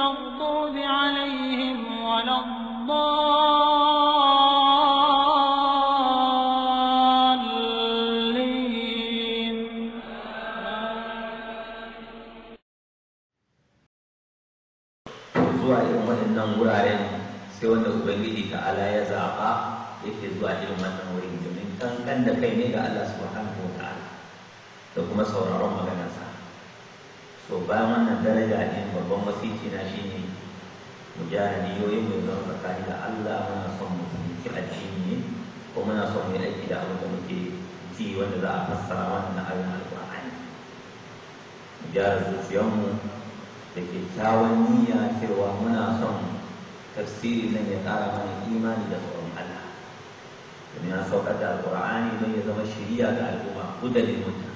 المغضوب عليهم ولا الضالين zuwa irin waɗannan wuraren sai wanda ubangiji ta'ala ya zaɓa yake zuwa irin wannan wurin domin kankan da kai ne ga Allah subhanahu wa ta'ala da kuma sauraron magana to bayan wannan daraja din babban wasiki na shine mu gyara niyoyin mu zama tsakani da Allah muna son mu fahimci addini ne ko muna son mu yi aiki da abin da muke ji wanda za a fassara wannan ayoyin alƙur'ani mu gyara zuciyarmu da kyakkyawan niyya cewa muna son tafsiri nan ya ƙara mana imani da tsoron Allah domin ya saukar da alƙur'ani don ya zama shiriya ga al'umma hudalin mutane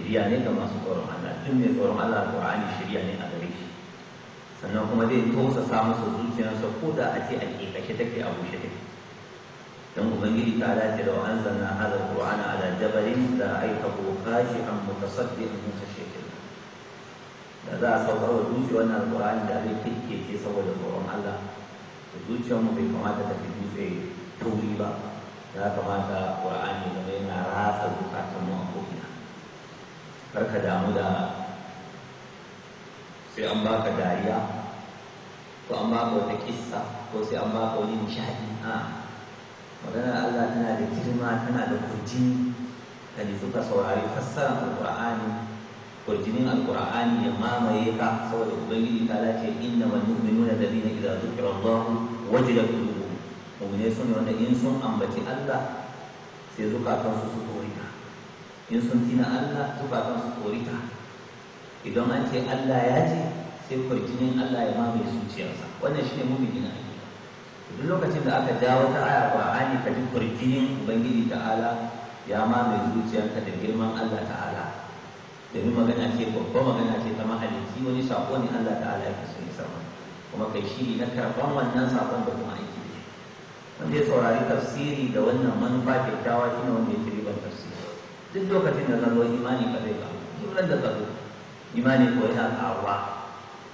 shirya ne ga masu tsoron Allah duk mai tsoron Allah Qur'ani shirya ne a gare shi sannan kuma zai tausasa musu zuciyarsa ko da a ce a kekashe take a bushe take dan ubangiji ta dace da an zanna hada Qur'ana ala jabalin da aikahu khashi'an mutasaddiqan mutashakkil da za a saukar wa zuciyar wannan Qur'ani da zai kike saboda tsoron Allah zuciyar mu bai kamata ta fi dutse tauri ba ya kamata ƙur'ani zama yana ratsa zukatan mu a karka damu da sai an baka dariya ko an baka wata kissa ko sai an baka wani nishadi a maganar Allah tana da girma tana da kurjini ka ji suka saurari fassarar alƙur'ani kurjinin alkur'ani ya mamaye ka saboda ubangiji ta lace inna man mu'minuna alladhina idza dhukira Allah wajilat qulubuhum mu'mine sun wanda in sun ambaci Allah sai zukatan su su tsori in sun tina Allah kan su korita idan an ce Allah ya ce sai kwarjinin Allah ya mamaye zuciyarsa wannan shine mumini na duk lokacin da aka jawo ta aya Qur'ani ka ji kwarjinin Ubangiji ta'ala ya mamaye zuciyarka da girman Allah ta'ala domin magana ce babba magana ce ta mahalicci wani sako ne Allah ta'ala ya so ya sama kuma kai shi na karban wannan sako da kuma aiki wanda ya saurari tafsiri da wannan manufa kyakkyawa ne wanda ya ci ribar tafsiri duk lokacin da zan zo imani ba zai ba duk da zan imani ko yana karuwa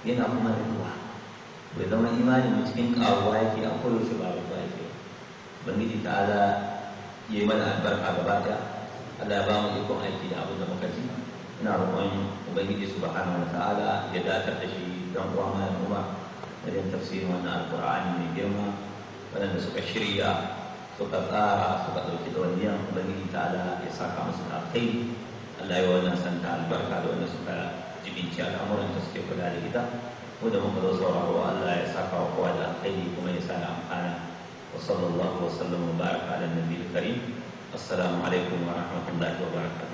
yana kuma rabuwa bai zama imani mai cikin karuwa yake a koyaushe ba rabuwa yake Bangiji ta ala yi mana albarka gaba ɗaya Allah ya ba mu ikon aiki da abin da muka ji ina roƙon ubangiji subhanahu wa ta'ala ya datar da shi don uwa mai al'umma wajen tafsirin wannan alƙur'ani mai girma da suka shirya suka tsara suka ɗauki ɗawainiyan ubangiji ta ala ya saka musu da alkhairi allah ya wannan santa albarka da wanda suka jibinci al'amuran da suke kula da ita mu da muka zo sauraro allah ya saka wa kowa da alkhairi kuma ya sa da amfana wa sallallahu wa sallam wa baraka da nabiyil karim assalamu alaikum wa rahmatullahi wa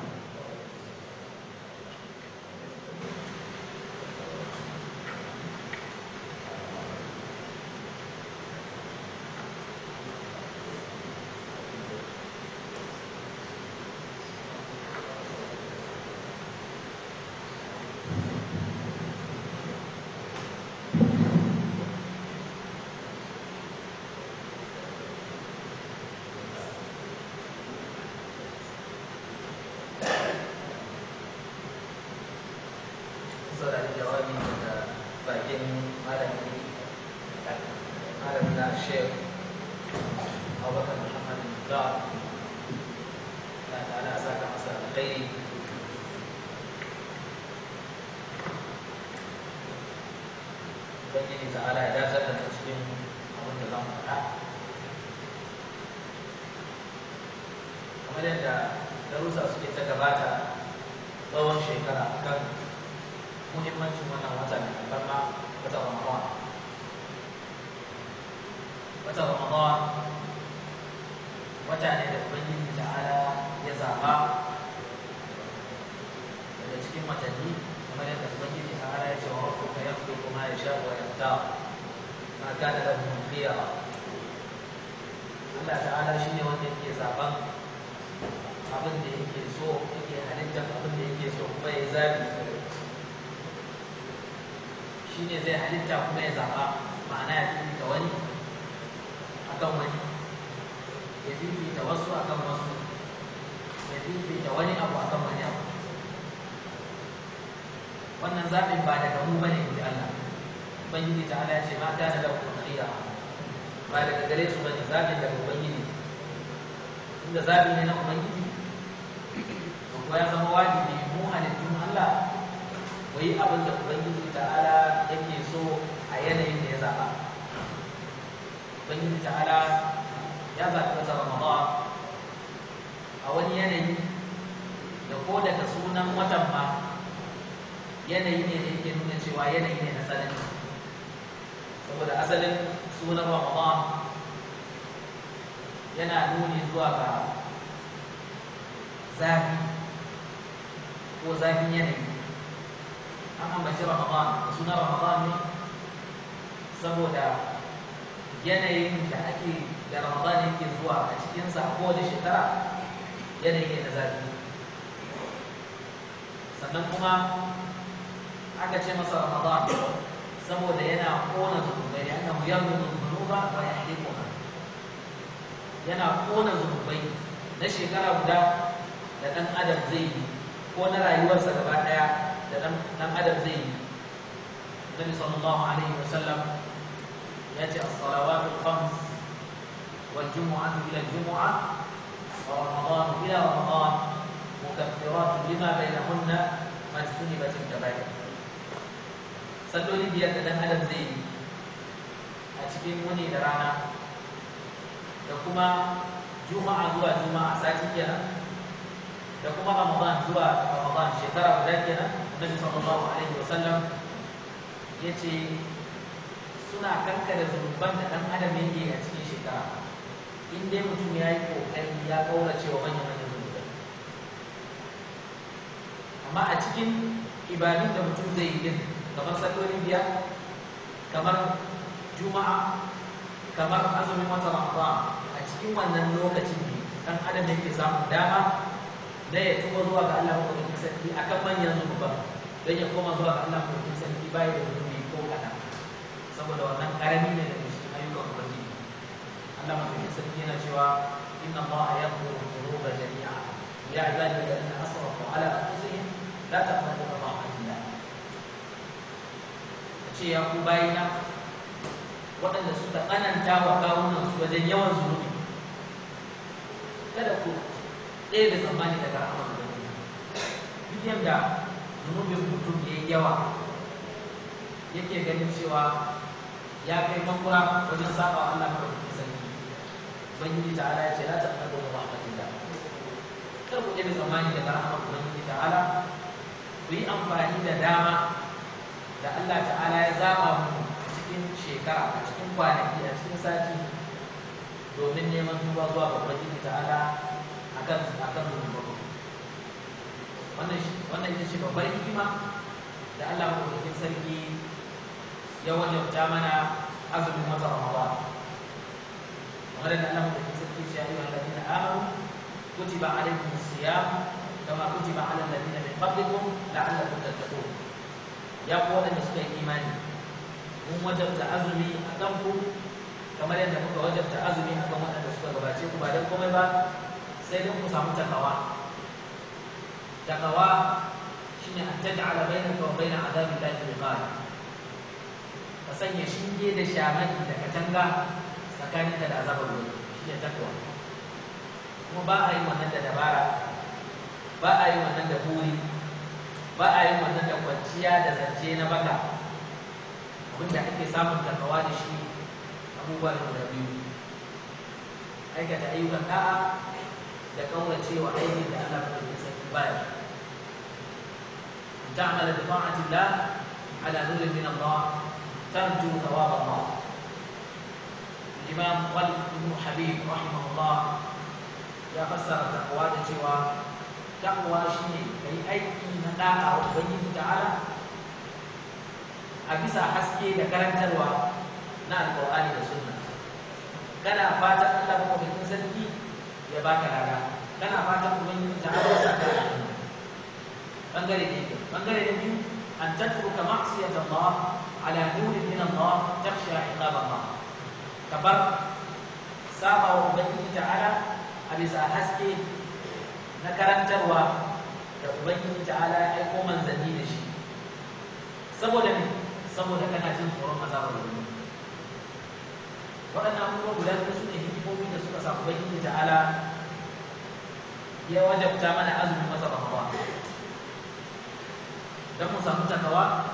in dai mutum ya yi kokari ya kaurace wa manyan manyan zunubai amma a cikin ibadun da mutum zai yi kamar sallolin biya kamar juma'a kamar azumin wata ramadan a cikin wannan lokacin ne kan adam yake samu dama da ya tuba zuwa ga Allah ko madaukakin sarki akan manyan zuba. don ya koma zuwa ga Allah ko madaukakin sarki bai da zunubi ko kaɗan saboda wannan karami ne da Allah madaukakin sarki yana cewa inna Allah yaghfiru dhunuba jami'a ya ibadi alladhina asrafu ala anfusihim la taqnatu min rahmatillah ce ya ku bayina waɗanda suka tsananta wa kawunan su wajen yawan zunubi kada ku ɗaya da tsammani daga rahmar ubangiji duk yadda zunubin mutum ya yi yawa yake ganin cewa ya kai makura wajen saba Allah madaukakin ubangiji ta'ala ya ce la taqrabu da. kar ku yi zamani da rahmar ubangiji ta'ala ku yi amfani da dama da Allah ta'ala ya zaba mu cikin shekara a cikin kwanaki a cikin sati domin neman tuba zuwa ga ubangiji ta'ala akan akan zunubanmu wannan wannan ita ce babbar hikima da Allah mu sarki ya wajabta mana azumin wata Ramadan وقال انه من حسبه يا ايها الذين امنوا كتب عليكم الصيام كما كتب على الذين من قبلكم لعلكم تتقون يا قوه نسكي ايماني ان وجبت عزمي اتمكم كما لن تكون وجبت عزمي اتمكم ان تسكي غباتيكم بعدين قوم بعد سيدنا قسام تقوى تقوى شنو ان تجعل بينك وبين عذاب الله رقابه فسن يشنجي لشامك لكتنجا tsakaninka da azabar gobe ne takwa kuma ba a yi wannan da dabara ba a yi wannan da buri ba a yi wannan da kwanciya da zance na baka abinda ake samun takawa da shi abubuwa da guda biyu aikata ayyukan da'a da kauracewa aikin da Allah ba ya sani baya تعمل da الله على نور من Allah ترجو ثواب Allah الإمام ولد بن حبيب رحمه الله يا فسر تقوى تجوى تقوى شيء أي أي نداء أو بيت تعالى أبسا حسكي ذكرت تلوى نال القرآن والسنة كان فاتا إلا بقوة الإنسانية يا باكا لك كان فاتا بقوة تعالى سكرا فانقري ديك فانقري ديك أن تترك معصية الله على نور من الله تخشى عقاب الله Kabar bar saba wa ubangiji ta'ala a bisa haske na karantarwa da ubangiji ta'ala ya aiko manzanni da shi saboda ne saboda kana jin tsoron maza ba wani waɗannan abubuwa guda biyu su ne hikimomi da suka samu ubangiji ta'ala ya wajabta mana azumin maza ba kawa don mu samu takawa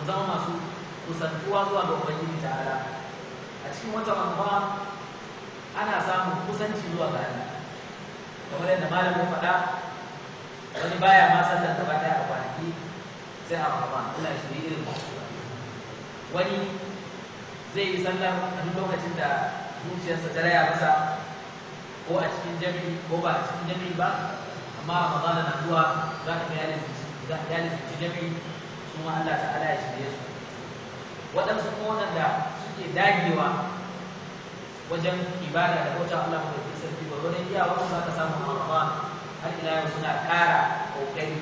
mu zama masu kusantuwa zuwa ga ubangiji ta'ala a cikin wata ramadan ana samun kusanci zuwa ga da kamar yadda malamin faɗa wani baya ma sallar gaba ɗaya a kwanaki sai a ramadan ina shi ne irin wani zai yi sallar a duk lokacin da zuciyarsa ta raya masa ko a cikin jami'i ko ba a cikin jami'i ba amma a ramadan na zuwa za ka ga ya lissanci jami'i su ma Allah ta'ala ya shirye su waɗansu kuma waɗanda suke dagewa wajen ibada da kota Allah ko da sarki ba wani iya wasu za ka samu amma har ila yau suna ƙara kokari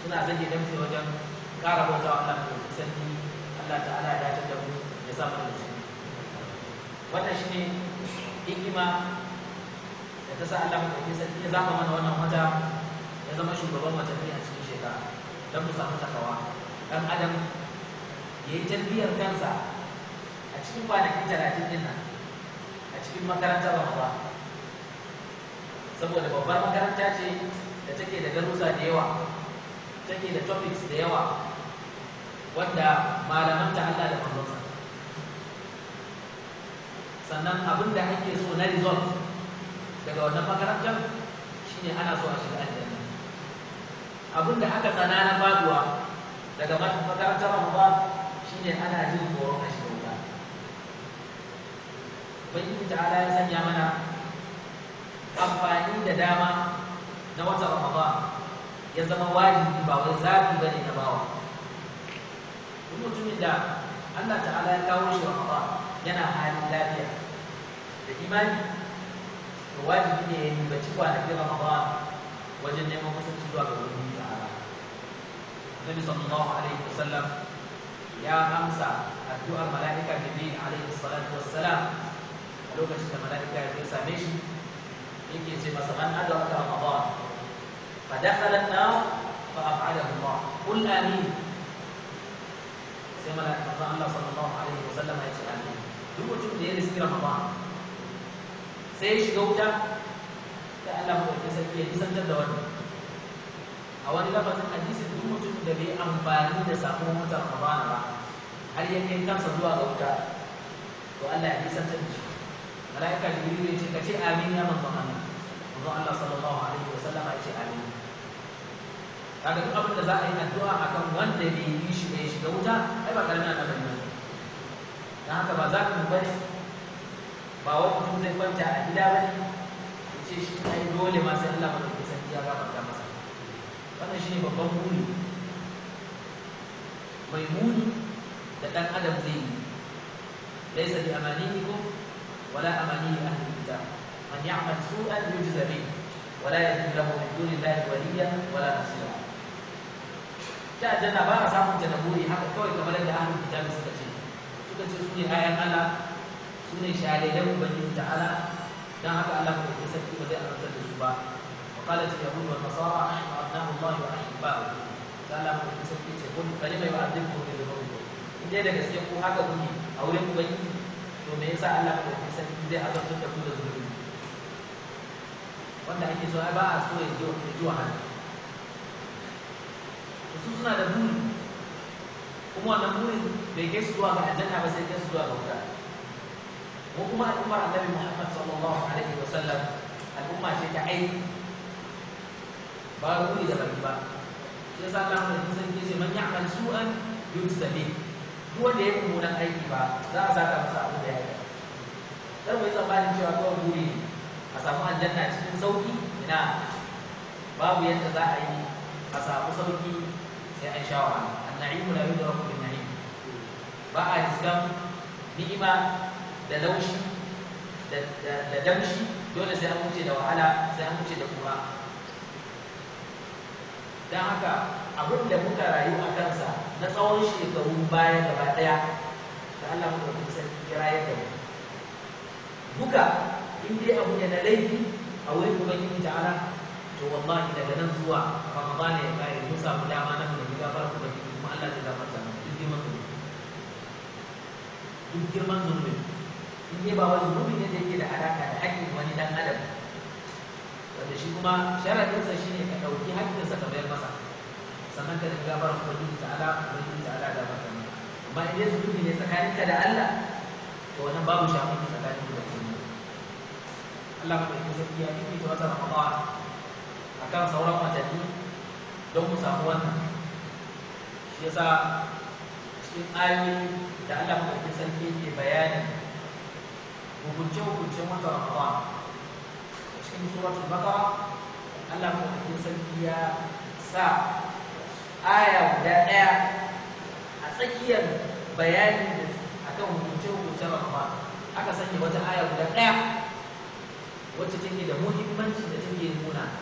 suna zage damtse wajen ƙara bauta Allah ko da sarki Allah ta'ala ya dace da mu ya samu da shi wannan shi ne hikima da ta sa Allah ko da sarki ya zama mana wannan wata ya zama shugaban wata a cikin shekara don mu samu takawa dan adam ya yi tarbiyyar kansa a cikin kwanaki talatin din nan a cikin makaranta ba ba, saboda babbar makaranta ce da take da garusa da yawa take da topics da yawa wanda malaman ta Allah da manzonsa sannan abin da ake so na result daga wannan makarantar shine ana so a shiga aljanna abin da aka tsana na faduwa daga makarantar shi shine ana jin tsoron kashi ubangiji ta'ala ya sanya mana amfani da dama na wata ramadan ya zama wajibi ba wai zafi bane na bawa duk mutumin da Allah ta'ala ya kawo shi ramadan yana halin lafiya da imani to wajibi ne ya yi bacci kwanakin ramadan wajen neman kusanci zuwa ga wani ta'ala Nabi sallallahu alaihi wasallam ya amsa addu'ar mala'ika Jibril alaihi salatu wassalam lokacin da mala'ika ya zo same shi yake ce masa man adraka ramadan fa dakhala an-nar fa ab'adahu Allah qul amin sai mala'ika Allah sallallahu alaihi wasallam ya ce amin duk mutum da ya riski ramadan sai ya shiga wuta da Allah ko ya sake ya nisantar da wani. a wani lafazin hadisi duk mutum da bai amfani da sabon wutar ramadan ba har ya kai kansa zuwa ga wuta to Allah ya nisantar da shi ملائكة جبريل يجي كتير آمين يا من ظن الله صلى الله عليه وسلم أتي آمين هذا كل أمر لذا أن الدعاء أكون أيوة من الذي يعيش إيش دوجا أي بعد أنا أنا بنيه نعم كبازات مبارك باو كتير من كم جاء إلى بني شيش أي دولة ما سأل الله من كيسان دي أبغى بعد ما سأل فأنا شيني بقول مولي ميمون تتكلم أدم زين ليس بأمانيكم ولا امل لاهل الكتاب من يعمل سوءا يجزى به ولا يكون له من دون الله وليا ولا نصيرا جاء جنا بارا سام جنا بوري هذا كوي قبل أن أهل الكتاب يستجيب سكتي سوني آية على سوني شعري له بني تعالى دعاه الله يسكت بدي أنا تد سبحان وقالت اليهود والنصارى نحن أبناء الله وأحباؤه قال الله يسكت يقول فلما يعذبه من ذنوبه إن جاء جسيم هذا بني أو يوم بني to me yasa Allah ko ke san zai azabtar da ku da zunubi wanda ake so ai ba a so ya ji wa ji wa hannu su suna da buri kuma wannan buri bai kai su zuwa ga aljanna ba sai kai su zuwa ga wuta ko kuma al'ummar annabi Muhammad sallallahu alaihi wa sallam al'umma ce ta aiki ba buri da baki ba sai sa Allah mai sarki ce man ya'mal su'an yujza bihi duk wanda ya mummunan aiki ba za a saka masa abu da ya yi kar mu tsammanin cewa kawai buri a samu aljanna cikin sauki ina babu yadda za a yi a samu sauki sai an sha wahala anna'imu la yudraku bin na'im ba a hiskan ni'ima da laushi da damshi dole sai an wuce da wahala sai an wuce da kuma don haka abin da muka rayu a kansa na tsawon shekaru baya gaba ɗaya da Allah muka kuma san kira yadda mu duka in dai abu ne na laifi a wurin ubangiji ala to wallahi daga nan zuwa ramadan ya kare mun samu dama na mu ga fara kuma kuma Allah ya gafarta mu duk girman zunubi duk girman zunubi in dai ba wani zunubi ne da yake da alaka da hakkin wani dan adam wanda shi kuma sharadinsa shi ne ka ɗauki haƙƙinsa ka bayar masa sannan ka daga gabar ubangiji ta'ala ubangiji ta'ala da ba kan amma idan duk ne tsakaninka da Allah to wannan babu shafin ne tsakanin da kuma. Allah ba yi sarki ya fi ta wata a akan sauran watanni don mu samu wannan shi yasa cikin ayoyi da Allah ba yi sarki ke bayani hukunce hukunce wata Ramadan cikin suratul baqara Allah mu sarki ya sa aya da ɗaya a tsakiyar bayani da akan hukunce-hukuncen rahama aka sanya wata aya guda ɗaya wacce take da muhimmanci da take nuna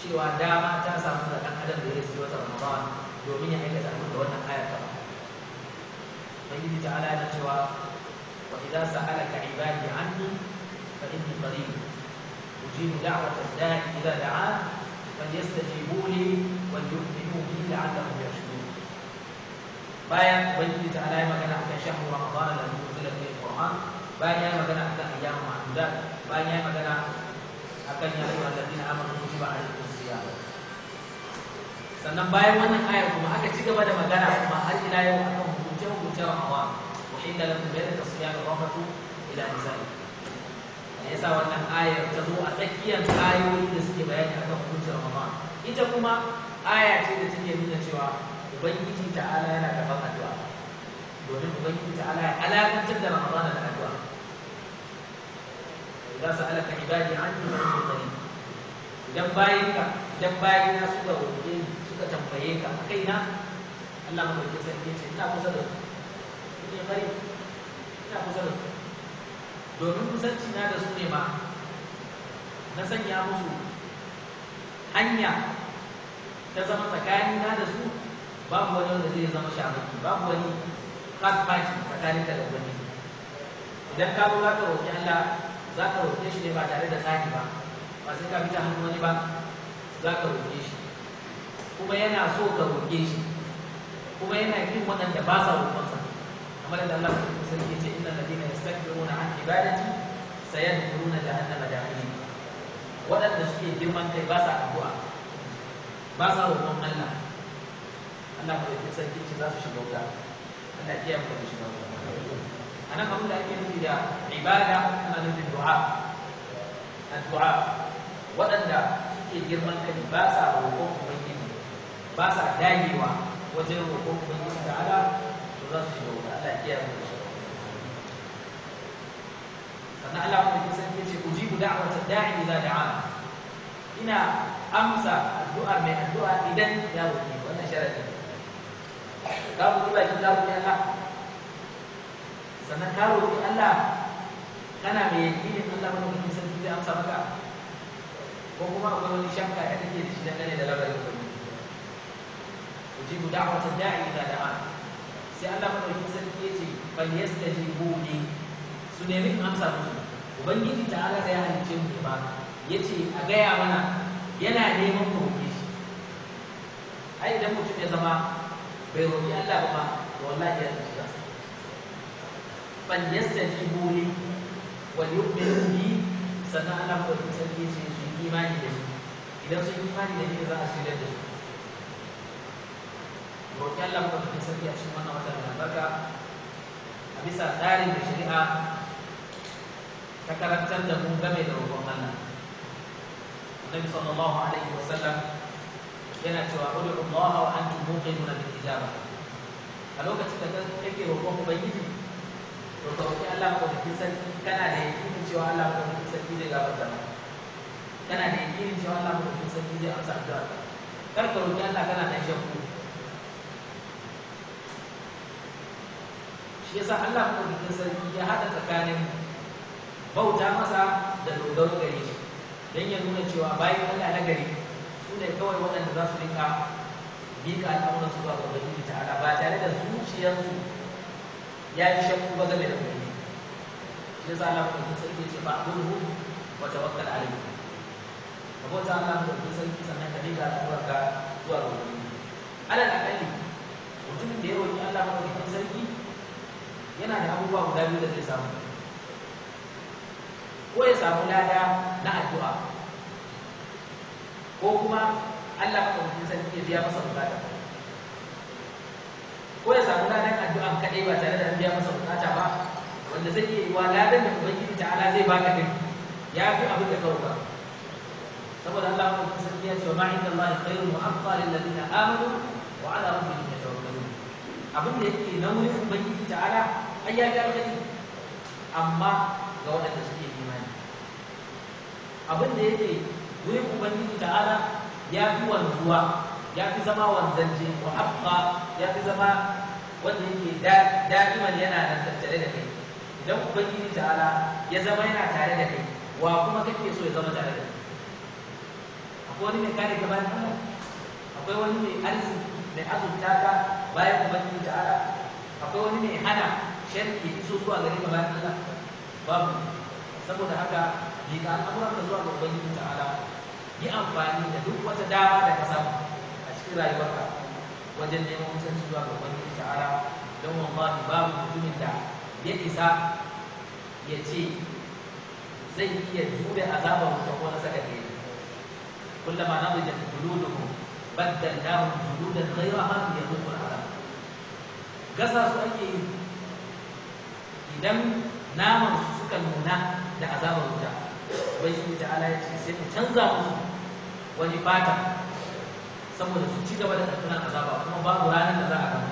cewa dama ta samu da dan adam da ya rasu wata ramadan domin ya aikata abin da wannan aya ta ubangiji ta ala yana cewa wa idza sa'alaka ibadi anni fa inni qareeb يجيب دعوة الداعي إذا دعاه فليستجيبوا لي وليؤمنوا بي لعلهم يرشدون. بايا بنتي تعالى ما كان حتى شهر رمضان الذي أنزل فيه القرآن بايا ما كان حتى أيام معدودة بايا ما كان أكل يا أيها الذين آمنوا كتب عليكم الصيام. sannan bayan wannan ayar kuma aka ci gaba da magana kuma har ila yau akan hukunce hukunce ramawa wa inda lakum bayna tasiyan rahmatu yasa wannan ayar ta zo a tsakiyar ayoyi da suke bayani akan hukuncin Ramadan ita kuma aya ce da take nuna cewa ubangiji ta'ala yana da ban addu'a domin ubangiji ta'ala ya alakantar da Ramadan da addu'a za su alaka ibadi an yi wani kokari idan ka idan na suka roƙe suka tambaye ka a kaina Allah mai sarki ce ina kusa da su ina kusa da su domin kusanci na da su ne ba na sanya musu hanya ta zama tsakani na da su babu wani wanda zai zama shamaki babu wani kasfaci tsakanin ka da wani idan ka zo za ka roƙi Allah za ka roƙe shi ne ba tare da tsaki ba ba sai ka fita hannu wani ba za ka roƙe shi kuma yana so ka roƙe shi kuma yana kin waɗanda ba sa roƙonsa kamar da Allah ya ce inna ladina yastakbiruna da ibadati sayadkhuluna jahannama dakhilin waɗanda suke girman kai ba sa addu'a ba Allah Allah ko yake sarki ce za su Allah ya mu da shiga wuta anan abin da ake nufi da ibada ana nufin du'a addu'a waɗanda suke girman kai ba sa roƙon ubangiji ba sa dagewa wajen roƙon Allah mu da sannan Allah madaukakin sarki ya ce ujibu da'wata da'i idza da'ana ina amsa addu'ar mai addu'a idan ya wuce wannan sharadi ka roƙi bakin ka roƙi Allah sannan ka roƙi Allah kana mai yakinin Allah madaukakin sarki zai amsa maka ko kuma akwai wani shakka da kake da shi dangane da labarin kuɗi ujibu da'wata da'i idza da'ana sai Allah madaukakin sarki ya ce falyastajibu li su nemi in amsa musu ubangiji ta ala ya halice mu ba ya ce a gaya mana yana neman ku roƙe shi ai idan mutum ya zama bai roƙi Allah ba to wallahi ya zuci ba fal yastajibu li wal yu'minu bi sannan ana ko sarki su yi imani da su, idan sun yi imani da shi za a shirya da su. roƙi Allah ko ta a cikin wannan watan albarka a bisa tsarin da shari'a ta karantar da mu game da roƙon Allah Annabi sallallahu alaihi wasallam yana cewa ud'u Allah wa antum muqinuna bil ijaba a lokacin da kake roƙon ubangiji to ka roƙi Allah ko da kisan kana da yakinin cewa Allah ko da kisan zai gafarta maka kana da yakinin cewa Allah ko da kisan zai amsa addu'a kar ka roƙi Allah kana da shakku shi yasa Allah ko da kisan ya hada tsakanin bauta masa da dogaro gare shi don ya nuna cewa bayan Allah na gari su ne kawai waɗanda za su rinka miƙa al'amuran su ga Ubangiji ta'ala ba tare da zuciyarsu ya yi shakku ba game da kuma shi yasa Allah mutum sarki ce ba abulhu wa tawakkal alayhi ka bauta Allah mutum sarki sannan ka miƙa al'amuran ka zuwa ga Ubangiji alal akalli mutumin da ya roƙi Allah mutum sarki yana da abubuwa guda biyu da zai samu ko ya samu lada na addu'a ko kuma Allah maɗaukakin sarki ya biya masa bukata ko ya samu ladan addu'a kaɗai ba tare da biya masa bukata ba wanda zai iya yiwa ladan da ubangiji ta'ala zai baka din ya fi abin da kawo saboda Allah maɗaukakin sarki ya ce wa ma'inda Allah khairun wa afdal lil ladina amanu wa ala rabbihim yatawakkalun abin da yake na wurin ubangiji ta'ala ai ya ga amma ga waɗanda suke imani abin da yake wurin ubangiji ta'ala ya fi wanzuwa ya fi zama wanzanje wa haɓɓa ya fi zama wanda yake da'iman yana nan tattare da kai idan ubangiji ta'ala ya zama yana tare da kai wa kuma kake so ya zama tare da kai akwai wani mai kare gaban Allah akwai wani mai arziki mai azurta ka bayan ubangiji ta'ala akwai wani mai hana sharri ya iso zuwa gare gaban Allah babu saboda haka miƙa al'amuran da zuwa ga ubangiji ta'ala yi amfani da duk wata dama da ka samu a cikin rayuwarka wajen neman kusanci zuwa ga ubangiji ta'ala don wallahi babu mutumin da ya isa ya ce zai iya jure azabar wuta ko na saka ne kullama na wajen juludukum baddalnahum juludan ghayraha yadhuqu al'adab gasa su ake yi idan naman su suka nuna da azabar wuta su ta ala ya ce sai in canza musu wani fata saboda su ci gaba da tattalin azaba kuma babu ranar da za a gama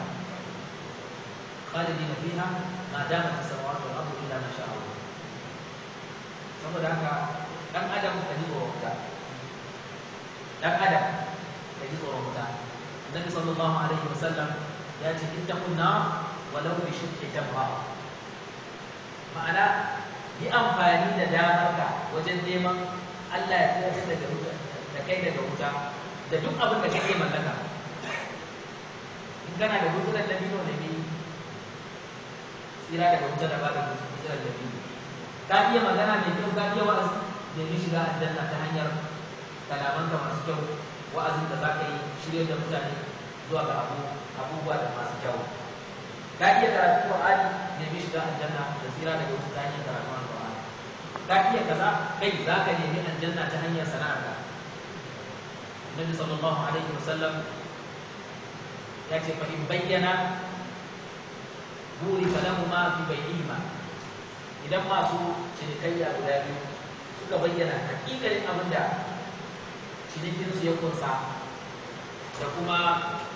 khalidina fiha ma dama ta sama da abu illa na sha Allah saboda haka dan adam ka ji tsoron wuta dan adam ka ji tsoron wuta annabi sallallahu alaihi wasallam ya ce ta kunna walau bi shiqqi tamra ma'ana yi amfani da damarka wajen neman Allah ya tsira daga wuta da kai daga wuta da duk abin da kake mallaka in kana da gusulan labino da bi tsira daga wuta da ba da gusulan labino ka iya magana mai kyau ka iya wa'azi yi shiga aljanna ta hanyar kalamanka masu kyau wa'azin da za ka yi shirya da mutane zuwa ga abubuwa da masu kyau ka iya karatun da yi shiga aljanna da tsira daga wuta ta hanyar karatun ka iya kaza kai za ka nemi aljanna ta hanyar sana'arka annabi sallallahu alaihi wasallam ya ce fa in bayyana buri ma fi bayyima idan masu cinikayya guda biyu suka bayyana hakikalin abin da cinikinsu ya kunsa da kuma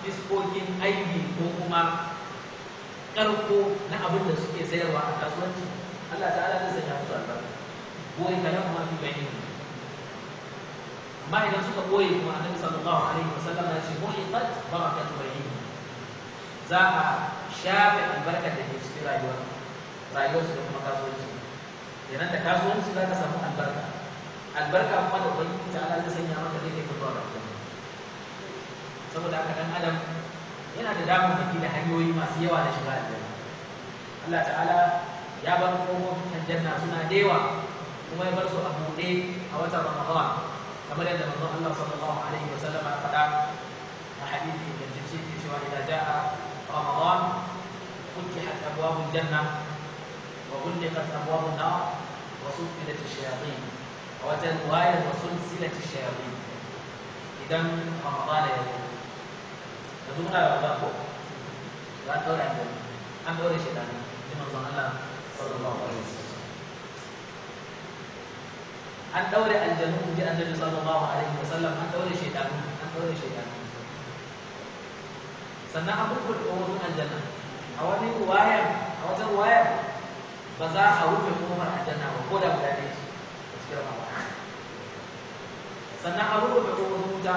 fiskokin aiki ko kuma ƙarko na abin da suke sayarwa a kasuwanci Allah ta'ala zai sanya musu albarka هو يتنبه في بعينه ما هي نفس القوي هو النبي صلى الله عليه وسلم التي محقت بركة بعينه زاها شافع البركة التي يسكي رأيوه رأيوه سلوك مكازون لأن أنت كازون سلوك سلوك البركة البركة أفضل بيك تعالى لسن يرى تليك في الضوء ربما سبب لأنك كان ألم هنا تدعم في كده حيوي ما سيوى على شغال الجنة الله تعالى يا بركوه كان جنة سنة ديوة kuma ya bar su a buɗe a watan ramadan kamar yadda manzon Allah sallallahu alaihi wa sallam ya faɗa a hadisi da tace ke cewa idan ja'a ramadan futihat abwabul janna wa ghulqat abwabun nar wa sufilat ash-shayatin a watan wayar wa sulsilat ash-shayatin idan ramadan ya zo yanzu muna da ramadan ko za a ɗaure an ɗaure shi da ne manzon Allah sallallahu alaihi wa sallam an ɗaure aljanu ji annabi sallallahu alaihi wasallam an daure shaydanu an daure shaydanu sannan an rubuta kofofin aljanna a wani waya a wajen waya ba za a rufe kofar aljanna ba ko da guda ne cikin rawa sannan a rubuta kofofin wuta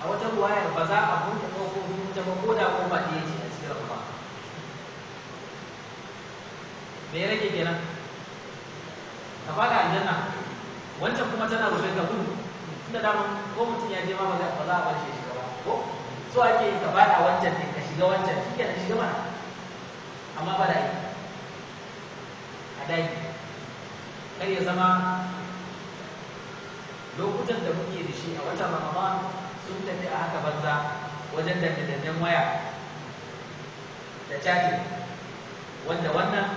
a wajen waya ba za a buɗe kofofin wuta ba ko da kofa ɗaya ce a cikin rawa me rage kenan ka fara aljanna wancan kuma tana rushe ka gudu tunda dama ko mutum ya je ma ba za a barshe shi ba ko so ake yi ka bada wancan ne ka shiga wancan shi kenan shiga mana amma ba da yi a dai kar ya zama lokutan da muke da shi a wata ramadan sun tafi a haka banza wajen dandadandan waya da chatting wanda wannan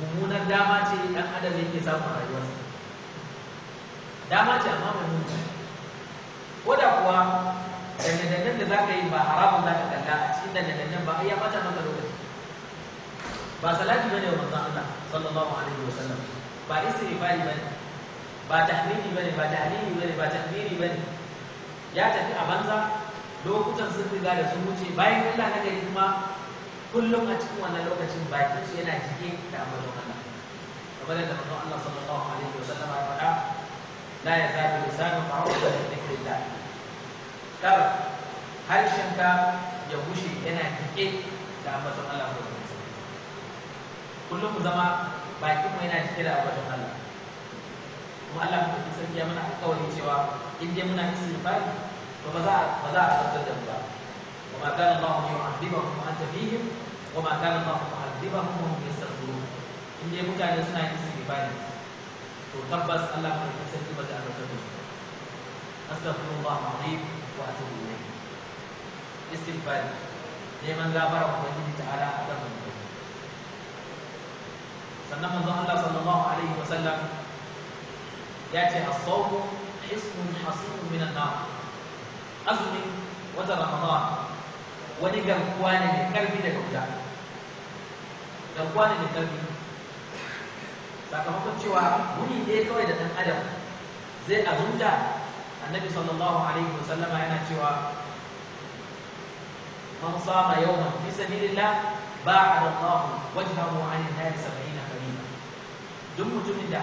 mummunar dama ce idan adam yake samun rayuwarsa dama ce amma mummuna ko da kuwa dandadandan da za ka yi ba haramun za ka kalla a cikin dandadandan ba ai ya bata maka lokaci ba salati bane wa manzon Allah sallallahu alaihi wasallam ba istighfari bane ba tahmidi bane ba tahlili bane ba takbiri bane ya tafi a banza lokutan sun riga da sun wuce bayan Allah na gari kuma kullum a cikin wannan lokacin bakin su yana jike da amalin Allah kamar da manzon Allah sallallahu alaihi wasallam ya faɗa la zabi lisanu ma'rufan bi dhikrillah kar harshen ka ya bushe yana jike da amalin Allah kullum ku zama bakin mu yana jike da amalin Allah kuma Allah mu sarki mana alƙawari cewa in dai muna istighfar to ba za ba za a tsaftar da mu ba وما كان الله ليعذبهم وانت فيهم وما كان الله معذبهم وهم يستغفرون ان دي متى يسنا يسني باين تو تبس الله من كسرت بدا استغفر الله العظيم واتوب اليه استغفار لمن لا بر الله تعالى ادم سنما الله صلى الله عليه وسلم ياتي الصوم حصن حصين من النار أزمي وترى رمضان wani gankuwa ne mai karfi da kyauta, garkuwa ne mai karfi sakamakon cewa wuni ne kawai da ɗan adam zai azumta annabi sallallahu alaihi Sallama yana cewa man sama yawman fi ba a sabilillah ba'ada Allah wajhahu 'anil nari 70 qariba duk mutumin da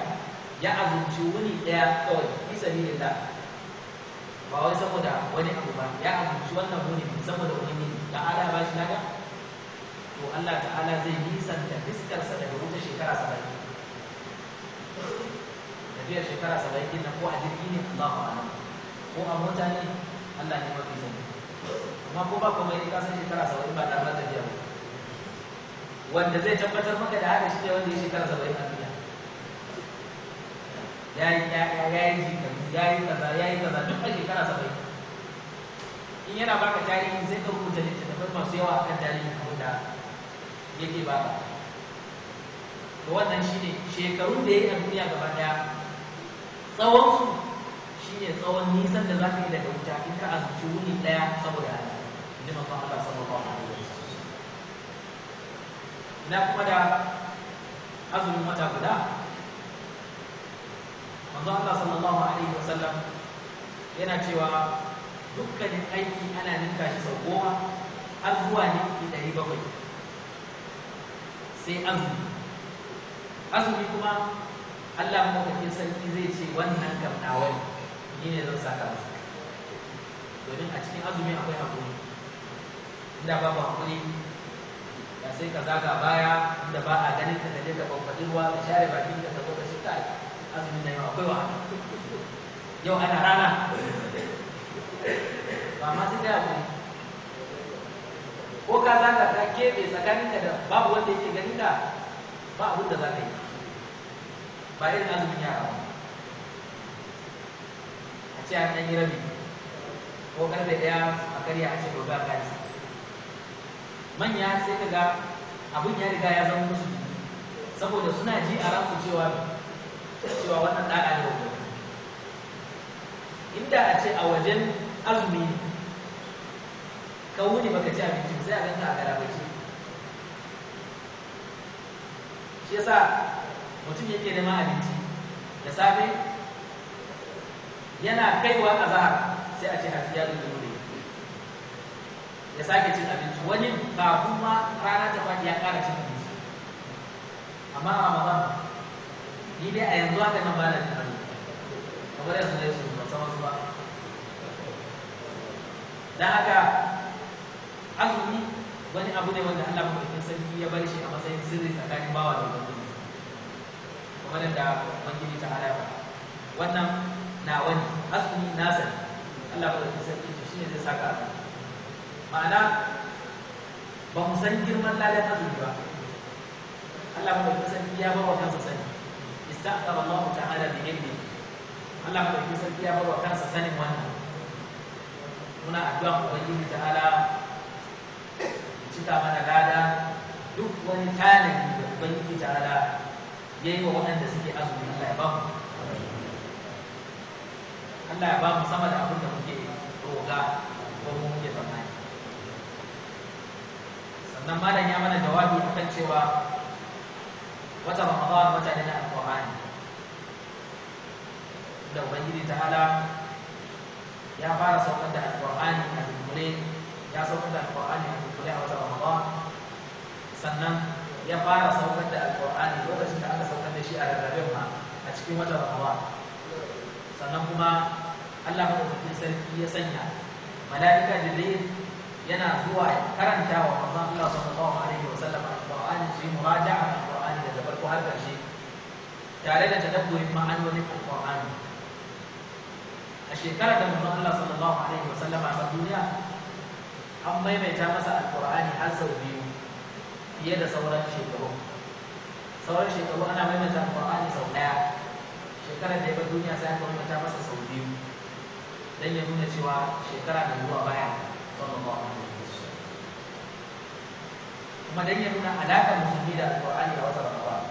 ya azunci wuni daya kawai fi sabilillah ba wai saboda wani abu ba ya azunci wannan wuni saboda wani ta'ala ba shi lada to Allah ta'ala zai nisanta fiskarsa daga wuta shekara saba'in tafiyar shekara saba'in ko a jirgi ne Allahu a'lam ko a mota ne Allah ne mafi sani amma ko ba mai yi kasan shekara saba'in ba tare da tafiya ba wanda zai tabbatar maka da haka shi ne wanda ya shekara saba'in a duniya ya yi ya ya ya yi ya yi kaza ya yi kaza a shekara in yana baka tarihi zai ka rubuta littattafai masu yawa akan tarihi ko da yake ba to wannan shine shekarun da ya yi a duniya gaba daya tsawon su shine tsawon nisan da za ka yi daga wuta in ka azuci wuni daya saboda inda mafi Allah sallallahu alaihi wasallam ina kuma da azumin wata guda manzo Allah sallallahu alaihi wasallam yana cewa dukkanin aiki ana ninka shi sau goma har zuwa ke ɗari bakwai sai azumi azumi kuma Allah maɗaukakin sarki zai ce wannan kam ne ni ne zan saka masa domin a cikin azumi akwai haƙuri inda babu haƙuri da sai ka zaga baya inda ba a ganin ka kaje ka kwamfadi ruwa ka share bakin ka ka zo ka shi azumin nan akwai wa yau ana rana ba ma sun gaya mu ko ka zaga ka keɓe tsakaninka da babu wanda yake ganin ka ba abin da za ka yi ba irin azumin yara ba a ce an yi rabi ko karfe daya a karya a ce to ga ka isa manya sai ka ga abin ya riga ya zama musu saboda suna ji a ransu cewa cewa wannan ɗa'a ne wa inda a ce a wajen azumi ka wuni baka ci abinci sai a ganta a ce shi yasa mutum yake ma abinci da safe yana kaiwa a zahar sai a ce asiya da dole ya sake cin abinci wani ba kuma rana ta faɗi ya ƙara cin abinci amma a ramadan ni dai a yanzu haka nan ba na cin abinci kamar yanzu ne su ba sama su ba da haka azumi wani abu ne wanda Allah mafarkin sarki ya bar shi a matsayin sirri tsakanin bawa da ubangiji kamar da ubangiji ta halaka wannan na wani azumi na sani Allah mafarkin sarki shi ne zai saka azumi ma'ana ba mu san girman lalan azumi ba Allah mafarkin sarki ya bar wa kansa sani istaqara Allah ta'ala bi ilmi Allah mafarkin sarki ya bar wa kansa sanin wannan muna addu'a ubangiji ta'ala cita cika mana lada duk wani talibi da ubangiji ta'ala yayi wa waɗanda suke azumi Allah ya ba Allah ya ba mu sama da abin da muke roga ko muke tsammani sannan malam ya mana jawabi akan cewa wata ramadan wata ne na alqur'ani da ubangiji ta'ala ya fara saukar da alƙur'ani a dunkule ya saukar da alƙur'ani a dunkule a wata ramadan sannan ya fara saukar da alƙur'ani lokacin da aka saukar da shi a rarrabe ma a cikin wata ramadan sannan kuma Allah madaukakin sarki ya sanya mala'ika jibril yana zuwa karanta wa manzon Allah sallallahu alaihi wa sallam alqur'ani su yi muraja'a da daga farko har ƙarshe tare da tadabburin ma'anonin alqur'ani a shekarar da manzon Allah sallallahu alaihi wa sallama a duniya an maimaita masa alqur'ani har sau biyu fiye da sauran shekaru sauran shekaru ana maimaita alqur'ani sau daya shekarar da ya bar duniya sai aka maimaita masa sau biyu dan ya nuna cewa shekara da zuwa baya sallallahu alaihi kuma dan ya nuna alaƙar musulmi da alƙur'ani a wata ramadan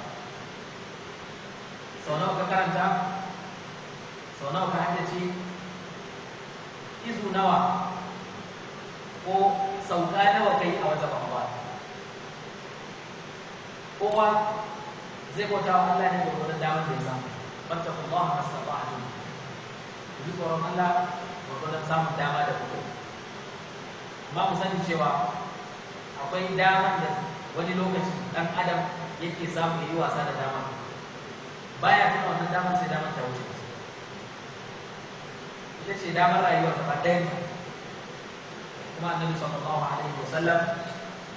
sau nawa ka karanta sau nawa ka haddace izu nawa ko sauka nawa kai a wata bamba kowa zai bauta wa Allah ne da wani damar da ya samu wata kuma wa hasa a jini ku yi tsoron Allah gwagwadon samun dama da kuma ma mu sani cewa akwai damar da wani lokaci dan adam yake samu yi wasa da dama baya tuna wannan damar sai damar ta wuce sai ce damar rayuwar gaba ɗaya kuma annabi sallallahu alaihi wasallam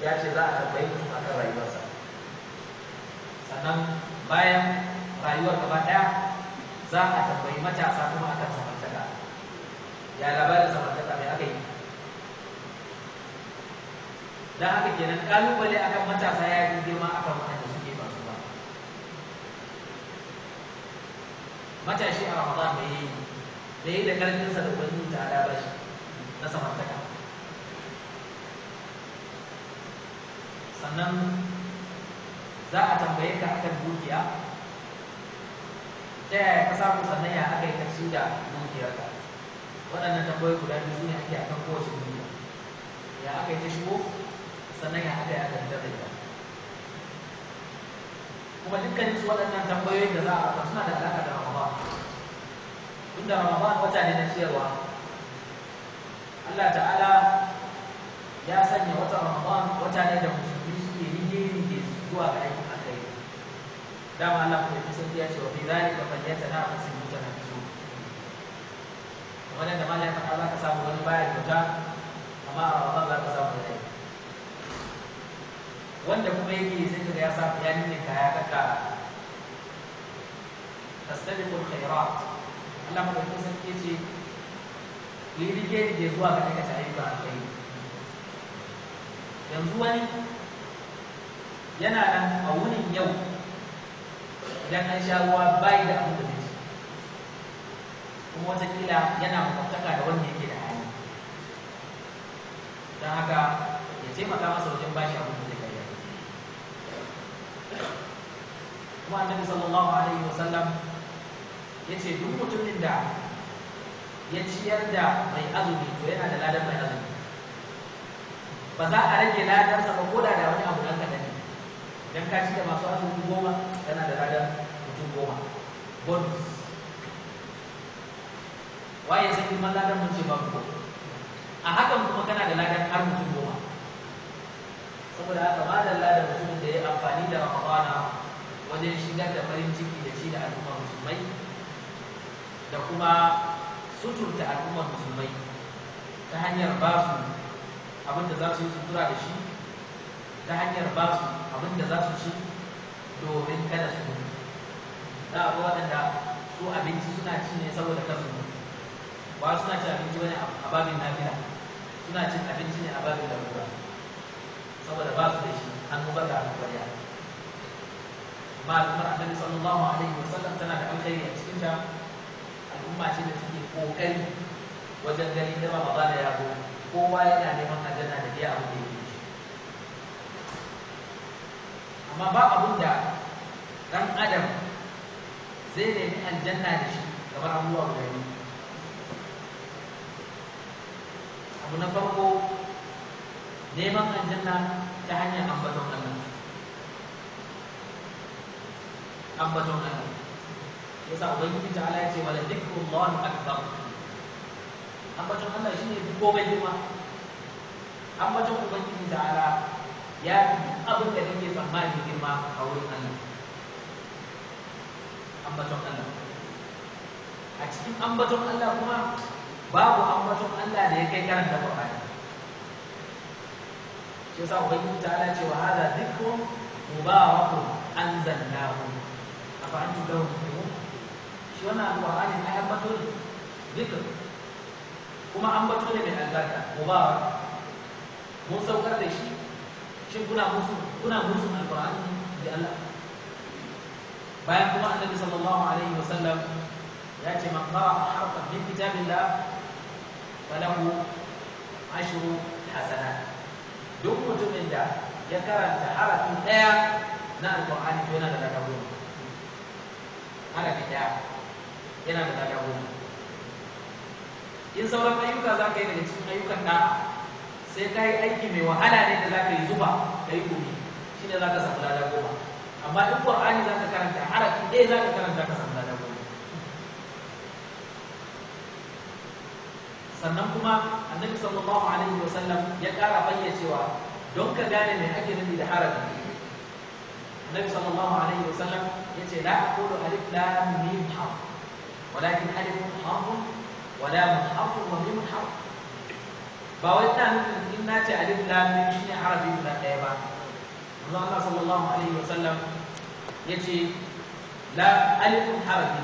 ya ce za a tambayi mutum akan rayuwarsa sannan bayan rayuwar gaba ɗaya za a tambayi matasa kuma akan samantaka ya labarin samantaka mai aka yi don haka kenan kalubale akan matasa ya yi girma akan waɗanda suke ba su ba matashi a ramadan mai yi da yi da karfinsa da ubangiji ta hada ba shi na samartaka sannan za a tambaye ka akan dukiya ta yaya ka samu sannan ya aka yi tafsu da dukiyarka waɗannan tambayoyi guda biyu su ne ake akan kowace duniya ya aka yi ta shigo sannan ya aka yi aka yi da kuma dukkanin su waɗannan tambayoyin da za a suna da alaƙa da ramadan tunda ramadan wata ne na ciyarwa Allah ta'ala ya sanya wata ramadan wata ne da musulmi suke rige-rige zuwa ga aikin alkhairi dama Allah ko ya san ya ce wa fi zalika mutane su. wannan da malai faɗa za ka samu wani baya kyauta amma a ramadan za ka samu da wanda kuma yake sai ga ya samu ya ninka kaya kaka tastabiqul khairat Allah madaukakin sarki ya ce yi rige-rige zuwa ga aikata ayyukan alkhairi yanzu wani yana nan a wunin yau idan an sha ruwa bai da abin da zai kuma watakila yana makwabtaka da wanda yake da hali don haka ya taimaka masa wajen bashi abin da zai kuma annabi sallallahu alaihi wasallam ya ce duk mutumin da ya ciyar da mai azumi to yana da ladar mai azumi ba za a rage ladansa ba ko da da wani abu nan kaɗan idan ka ci da masu azumi goma tana da ladar mutum goma bonus waye san kuma ladan mun ce ku a hakan kuma kana da ladar har mutum goma saboda haka da ladar mutumin da ya amfani da ramadana wajen shigar da farin ciki da shi da al'umma musulmai da kuma suturta al'ummar musulmai ta hanyar ba su abin da za su yi sutura da shi ta hanyar ba su abin da za su ci domin kada su mutu za a waɗanda su abinci suna ci ne saboda kansu mutu ba suna cin abinci wani a babin nafila suna cin abinci ne a babin larura saboda ba su da shi an gubar da abin kwariya amma al'ummar annabi sallallahu alaihi wasallam tana da alkhairi a cikinta al'umma shi da suke kokari wajen ganin da Ramadan ya zo kowa yana neman aljanna da biya abu da ya yi amma ba abun da dan adam zai nemi aljanna da shi kamar abubuwa guda biyu abu na farko neman aljanna ta hanyar ambaton Allah ambaton Allah yasa ubangiji ta ya ce wala dhikrullahi akbar ambaton Allah shine duk komai kuma ambaton ubangiji ta ala ya fi abin da kake tsammani girma a wurin Allah ambaton Allah a cikin ambaton Allah kuma babu ambaton Allah da ya kai karanta Qur'ani shi yasa ubangiji ta ala ce wa hada dhikrun mubarakun shi wannan alƙur'ani na an bato ne zikr kuma an bato ne mai albarka mubarak mun saukar da shi shin kuna musu kuna musu alƙur'ani da Allah bayan kuma annabi sallallahu alaihi wasallam ya ce man qara harfan min kitabillah falahu ashru hasanat duk mutumin da ya karanta harafin ɗaya na alƙur'ani to yana da ladabu harafi ɗaya yana da lada goma in sauran ayyuka za ka yi daga cikin ayyukan da sai ka yi aiki mai wahala ne da za ka yi zuba ka yi gumi shi ne za ka samu lada goma amma in ƙwar'ani za ka karanta harafi ɗaya za ka karanta ka samu lada goma sannan kuma annabi sallallahu alaihi wa sallam ya ƙara bayyacewa don ka gane mai ake nufi da harafi annabi sallallahu alaihi wa sallam ya ce la aqulu alif lam mim ولكن ألف حرف ولا حرف وميم حرف فوالتان إن تألف لا من شن عربي ولا قيبان الله صلى الله عليه وسلم يجي لا ألف حرفي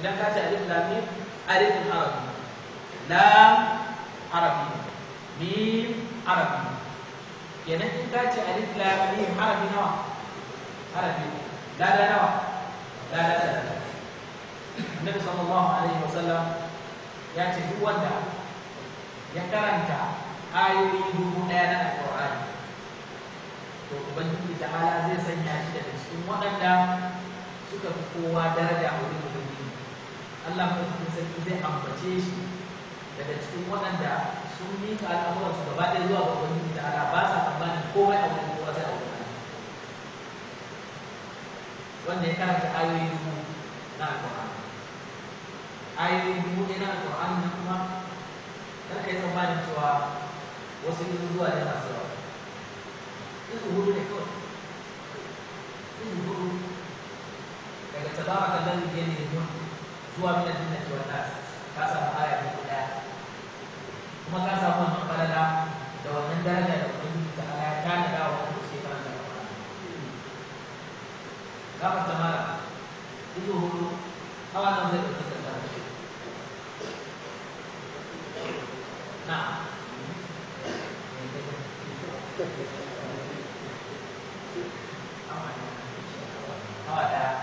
إذا كانت ألف لا ميم ألف عربي لام عربي ميم عربي يعني إن كانت ألف لا ميم عربي نوع عربي لا لا نوع لا لا لا, لا. annabi sallallahu alaihi wasallam ya ce duk wanda ya karanta ayoyi dubu ɗaya na alƙur'ani to ubangiji ta'ala zai sanya shi daga cikin waɗanda suka fi kowa daraja a wurin ubangiji Allah madaukakin sarki zai ambace shi daga cikin waɗanda sun miƙa al'amuran su gaba ɗaya zuwa ga ubangiji ta'ala ba sa tsammanin komai a wurin kowa sai a wurin wanda ya karanta ayoyi dubu na alƙur'ani ayoyin dubu ɗaya na alƙur'ani ne kuma kar ka yi tsammanin cewa wasu yin zuwa ne masu yawa izu hudu ne kawai izu hudu daga tabaraka lalli ne ne zuwa min al-jinnati wan nas ka samu aya dubu ɗaya kuma ka samu wannan falala da wannan daraja da ubangiji ta ala ya dawa da wa kuma sai karanta alƙur'ani ka fata mara izu hudu hawa nan zai ɗauki نعم هذا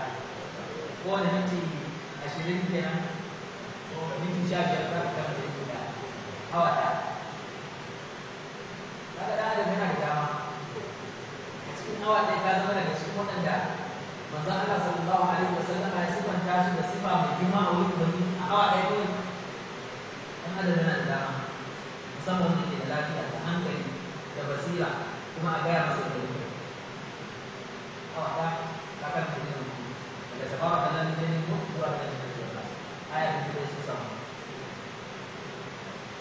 أنت عشرين سنة ومن شاجر أكثر من الله هذا هذا الآن هنا كلام cikin awa ɗaya ta zama daga cikin waɗanda manzo Allah sallallahu alaihi wasallam ya sifanta shi da sifa mai girma a wurin bani a awa ɗaya kawai an adadin da dama musamman wanda ke da lafiya da hankali da basira kuma a gaya masa da yake awa ta ta kan da yake daga sababa da nan ne ko zuwa da yake da aya da take su samu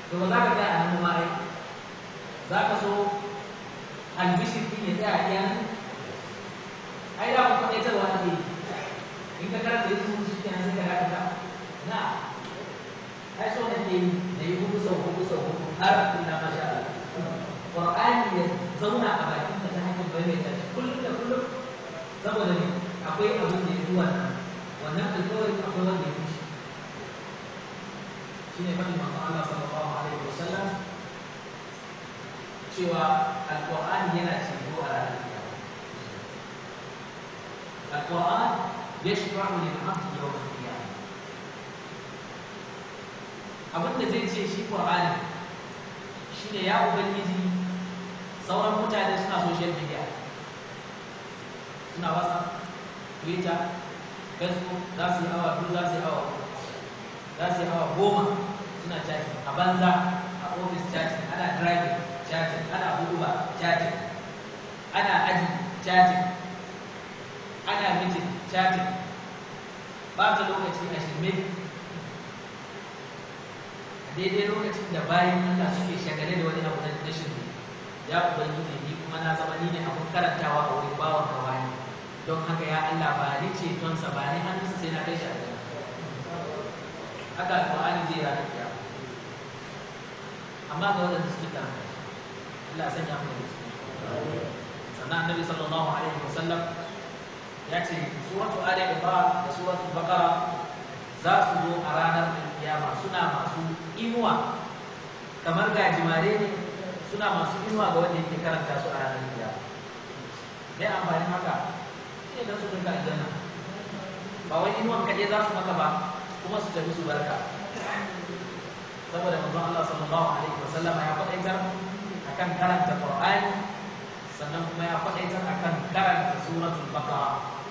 to ba za ka tsaya a nan ma za ka so albishir din ya tsaya a iya nan ai da ta kwaɗaitarwa ne in ka karanta yi su shi kenan sai ka dakata na ai so ne ke da yi hudu sau hudu sau hudu har ina masha Allah Qur'ani ya zauna a bakin ka ta hanyar maimaita shi kullum da kullum saboda ne akwai abin da ya fi wannan wannan alƙawarin akwai wanda ya fi shi shine bani manzo Allah sallallahu alaihi wasallam cewa alƙur'ani yana ceto a ranar kiyama alƙur'an yashfa'u lil 'abdi yawm abinda zai ce shi shi shine ya ubangiji sauran mutane suna social media suna wasa, twitter facebook za su yi awa biyu za su yi awa za su yi awa goma suna caji a banza a office caji ana driving caji ana buɗuwa caji ana aji caji ana meeting caji ba ta lokaci a shirme daidai lokacin da bayan Allah suke shagale da wani abu na ne ya ubangiji ni kuma na zama ni ne abun karantawa a wurin bawan kawai don haka ya Allah ba ni ce tonsa ba ni hannunsa sai na kai shi a haka alƙur'ani zai rana ya amma ga wadanda suke da Allah sanya ya da su sannan annabi sallallahu alaihi wasallam ya ce suratu ali imran da suratu baqara za su zo a ranar kiyama suna masu inuwa kamar jimare ne suna masu inuwa ga wanda yake karanta su a ranar biya mai amfanin haka shi ne su dinga aljanna ba wai inuwan kaɗai za su maka ba kuma su tafi su barka saboda manzon Allah sallallahu alaihi wasallama ya faɗaitar akan karanta Qur'ani sannan kuma ya faɗaitar akan karanta suratul Baqara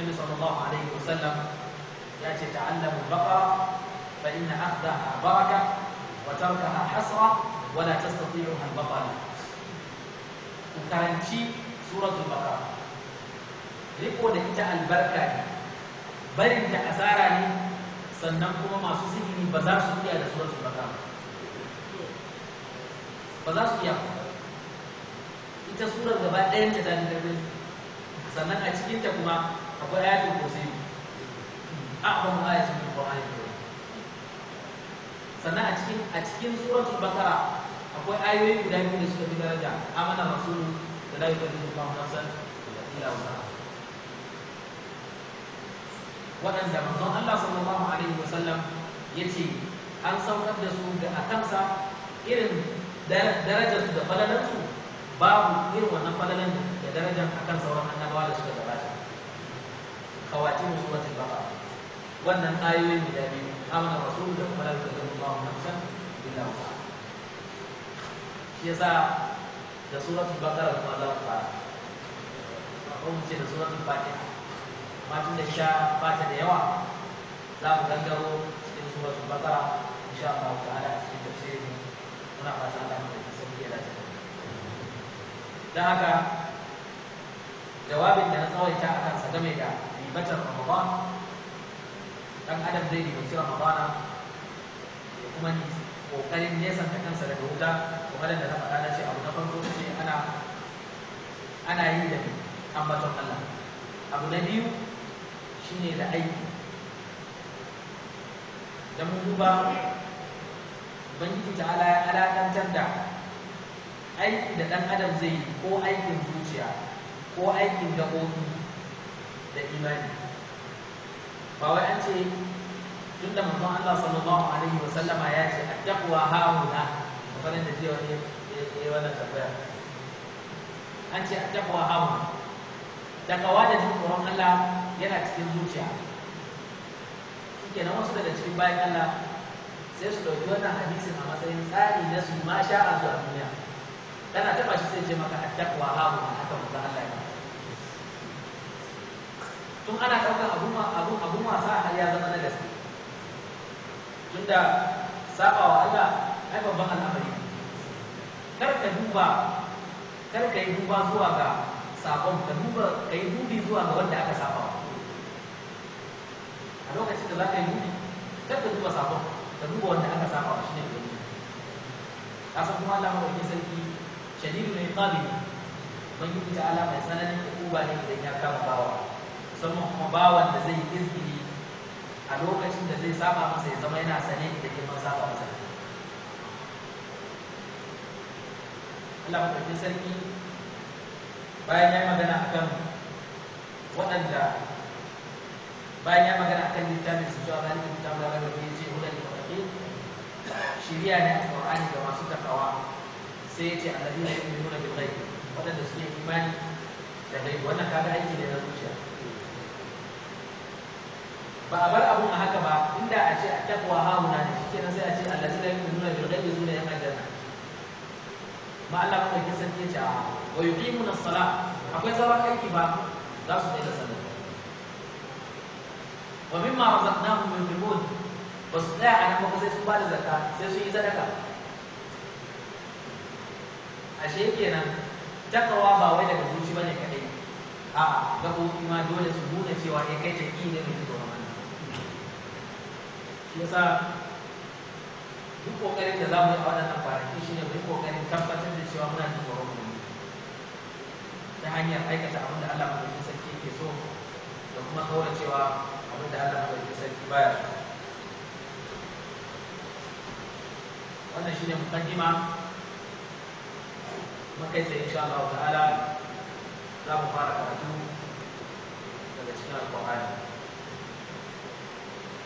Nabi sallallahu alaihi wasallam ya ce ta'allamu Baqara فإن أخذها بركة وتركها حسرة ولا تستطيعها البطلة وكانتي سورة البقرة ريكو لإتا البركة بل إنت أسارة لي سننكم ما سوسيني بزار سوكي على سورة البقرة بزار سوكي ita surar gaba ɗayan ta ta dindin sannan a cikinta kuma akwai ayatul kursi a kuma ayatul kursi sannan a cikin a cikin suratul bakara akwai ayoyi guda biyu da suka fi daraja amana rasulu da la yukallimu Allahu nafsan illa wusaha waɗanda manzon Allah sallallahu alaihi wasallam yace an saukar da su da akansa irin darajarsu da falalansu babu irin wannan falalan da darajar akan sauran annabawa da suka gabata kawatin musu wata baka wannan ayoyin guda biyu amana rasulu da falalan الله نفسا إلا وسعها يسا da kuma za ku fara ko da suratul fatiha amma tun da sha ba da yawa za mu gangaro cikin suratul baqara insha Allah ta'ala cikin tafsirin muna fata Allah mu da sauki da ta haka jawabin da na tsawaita a kansa da ribatar Ramadan dan adam zai ribaci Ramadana kuma kokarin nesan ta kansa daga wuta kuma da na faɗa na ce abu na farko ce ana ana yi da ambaton Allah abu na biyu shine da aiki da mun duba ubangiji ta'ala ya alaƙantar da aiki da ɗan adam zai yi ko aikin zuciya ko aikin gaɓoɓi da imani ba wai an ce tunda manzon Allah sallallahu alaihi wa sallama ya ce attaqwa hauna kamar da jiya wani ya wannan tambaya an ce attaqwa hauna takawa da jin tsoron Allah yana cikin zuciya kenan wasu daga cikin bayan Allah sai su ɗauki wannan hadisin a matsayin tsari na su ma sha a zuwa duniya kana taɓa shi sai ce maka attaqwa hauna haka manzon Allah ya tun ana ɗaukar abun wasa har ya zama na gaske tunda wa Allah ai babban al'amari kar ka duba kar ka yi duba zuwa ga sabon ka duba ka yi dubi zuwa ga wanda aka saba a lokacin da za ka yi dubi kar ka duba sabon ka duba wanda aka saba shi ne yi ka san kuma Allah mawarki sarki shadidul iqabi ubangiji ta'ala mai tsananin ba ne idan ya kama bawa musamman kuma bawan da zai yi izini a lokacin da zai saba masa ya zama yana sane da girman saba masa Allah mafi sarki bayan ya magana a kan waɗanda bayan ya magana a kan littafin su cewa zalika kitabun da ya ce da littafin shirya ne a ƙur'ani ga masu takawa sai ya ce alladina yu'minuna bil ghaib waɗanda suke imani da ghaib wannan kaga aiki ne na zuciya ba a bar abun a haka ba inda a ce a takwa hauna ne shi kenan sai a ce Allah la yu'minuna bil ghaibi su ne yan aljanna ma Allah kuma ke san ke ta wa yuqimuna as akwai zaman aiki ba za su tsaya da sallah wa mimma razaqnahum min ba wasta'a an a nan ba sai ba da zakka sai su yi sadaka ashe kenan takwa ba wai daga zuci bane kadai a'a gaɓoɓi ma dole su nuna cewa ya eh, kai ta ne mai yasa duk kokarin da za mu yi a waɗannan kwanaki shi ne mu yi kokarin tabbatar da cewa muna jin tsoron mu ta hanyar aikata abin da Allah madaukakin sarki ke so da kuma kauracewa abin da Allah madaukakin sarki baya so wannan shine mukaddima makai kai tsaye insha Allah ta'ala za mu fara karatu daga cikin alƙur'ani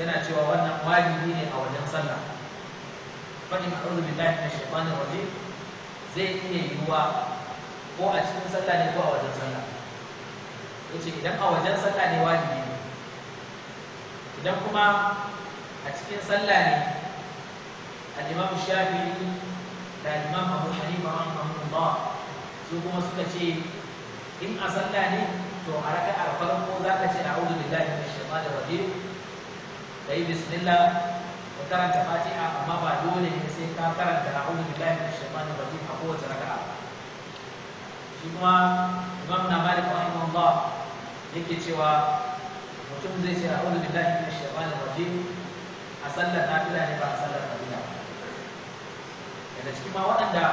yana cewa wannan wajibi ne a wajen sallah fadin a'udhu billahi minash shaitani rajim zai iya yiwuwa ko a cikin sallah ne ko a wajen sallah yace idan a wajen sallah ne wajibi ne idan kuma a cikin sallah ne al-imam shafi'i da al-imam abu hanifa rahimahullah su kuma suka ce in a sallah ne to a raka'ar farko zaka ce a'udhu billahi minash shaitani rajim ka yi bismillah ka karanta fatiha amma ba dole ne sai ka karanta a'udhu billahi minash shaitani rajim a kowace raka'a shi kuma imam na imam ba yake cewa mutum zai ce a'udhu billahi minash shaitani rajim a sallar nafila ne ba a sallar nafila daga cikin ma waɗanda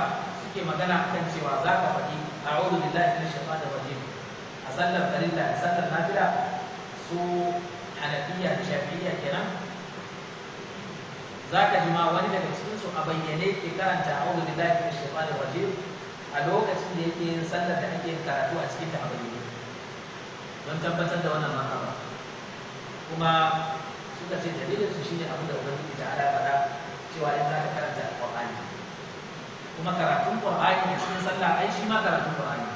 suke magana kan cewa za ka faɗi a'udhu billahi minash shaitani rajim a sallar farilla a sallar nafila su alafiya da shafi'iyya kenan za ka ji wani daga cikin su a bayyane ke karanta da ya minash da waje a lokacin da yake yin sallar da ake karatu a cikin ta a bayyane don tabbatar da wannan marhaba kuma suka ce dalilin su shine abu da ubangiji ta ala cewa in za karanta alqur'ani kuma karatun qur'ani a cikin sallah ai shi ma karatun qur'ani